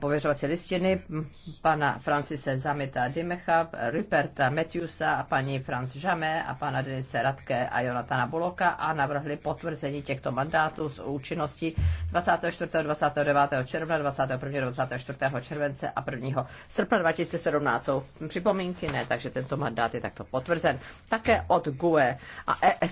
pověřovací listiny pana Francise Zamita Dimecha, Ruperta Matthewsa a paní Franz Žamé a pana Denise Radke a Jonatana Buloka a navrhli potvrzení těchto mandátů s účinností 24. 29. června, 21. 24. července a 1. srpna 2017. Jsou připomínky? Ne, takže tento mandát je takto potvrzen. Také od GUE a EF